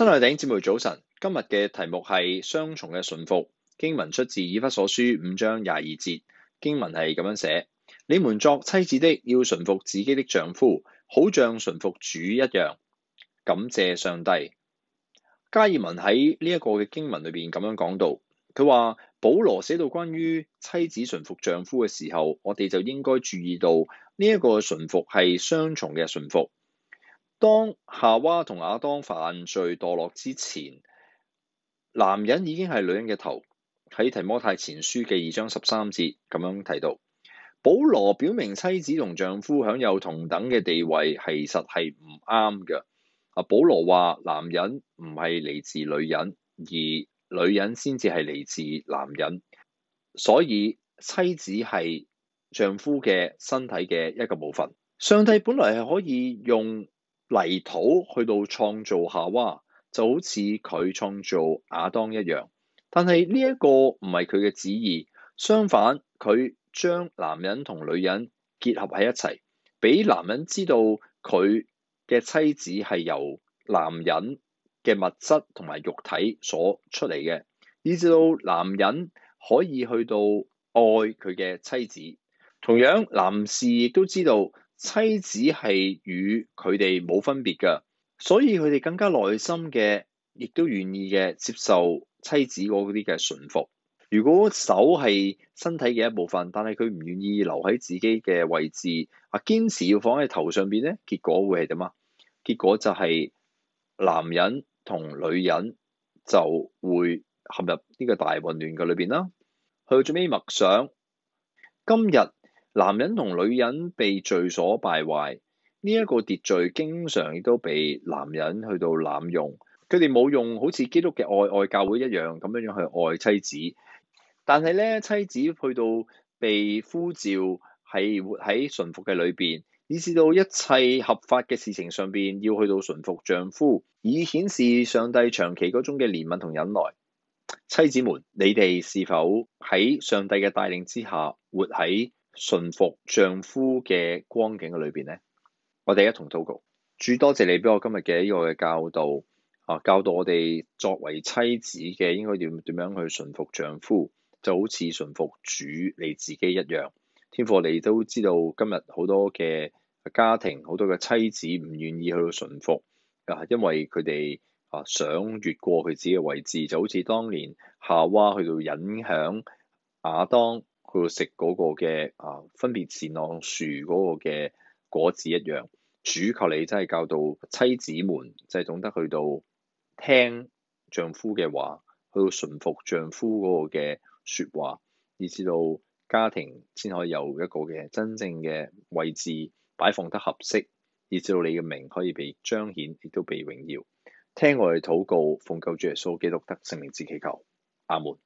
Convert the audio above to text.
新愛頂姐妹早晨，今日嘅題目係雙重嘅順服。經文出自以弗所書五章廿二節，經文係咁樣寫：你們作妻子的要順服自己的丈夫，好像順服主一樣。感謝上帝。加爾文喺呢一個嘅經文裏邊咁樣講到，佢話保羅寫到關於妻子順服丈夫嘅時候，我哋就應該注意到呢一個順服係雙重嘅順服。當夏娃同亞當犯罪墮落之前，男人已經係女人嘅頭。喺提摩太前書嘅二章十三節咁樣提到，保羅表明妻子同丈夫享有同等嘅地位，其實係唔啱嘅。啊，保羅話男人唔係嚟自女人，而女人先至係嚟自男人，所以妻子係丈夫嘅身體嘅一個部分。上帝本來係可以用。泥土去到創造夏娃，就好似佢創造亞當一樣。但係呢一個唔係佢嘅旨意，相反佢將男人同女人結合喺一齊，俾男人知道佢嘅妻子係由男人嘅物質同埋肉體所出嚟嘅，以至到男人可以去到愛佢嘅妻子。同樣，男士亦都知道。妻子係與佢哋冇分別㗎，所以佢哋更加耐心嘅，亦都願意嘅接受妻子嗰啲嘅順服。如果手係身體嘅一部分，但係佢唔願意留喺自己嘅位置，啊堅持要放喺頭上邊咧，結果會係點啊？結果就係男人同女人就會陷入呢個大混亂嘅裏邊啦。去到最尾，默想今日。男人同女人被罪所敗壞，呢、這、一個秩序經常亦都被男人去到濫用，佢哋冇用好似基督嘅愛愛教會一樣咁樣樣去愛妻子，但係咧妻子去到被呼召係活喺順服嘅裏邊，以至到一切合法嘅事情上邊要去到順服丈夫，以顯示上帝長期嗰種嘅憐憫同忍耐。妻子們，你哋是否喺上帝嘅帶領之下活喺？順服丈夫嘅光景嘅裏邊呢，我哋一同禱告，主多謝你俾我今日嘅呢個嘅教導，啊，教導我哋作為妻子嘅應該點點樣去順服丈夫，就好似順服主你自己一樣。天父，你都知道今日好多嘅家庭，好多嘅妻子唔願意去到順服，啊，因為佢哋啊想越過佢自己嘅位置，就好似當年夏娃去到影響亞當。去到食嗰個嘅啊，分別善惡樹嗰個嘅果子一樣。主求你真係教導妻子們，就係、是、懂得去到聽丈夫嘅話，去到順服丈夫嗰個嘅説話，以至到家庭先可以有一個嘅真正嘅位置擺放得合適，以至到你嘅名可以被彰顯，亦都被榮耀。聽我哋禱告，奉救主耶穌基督得勝名之祈求。阿門。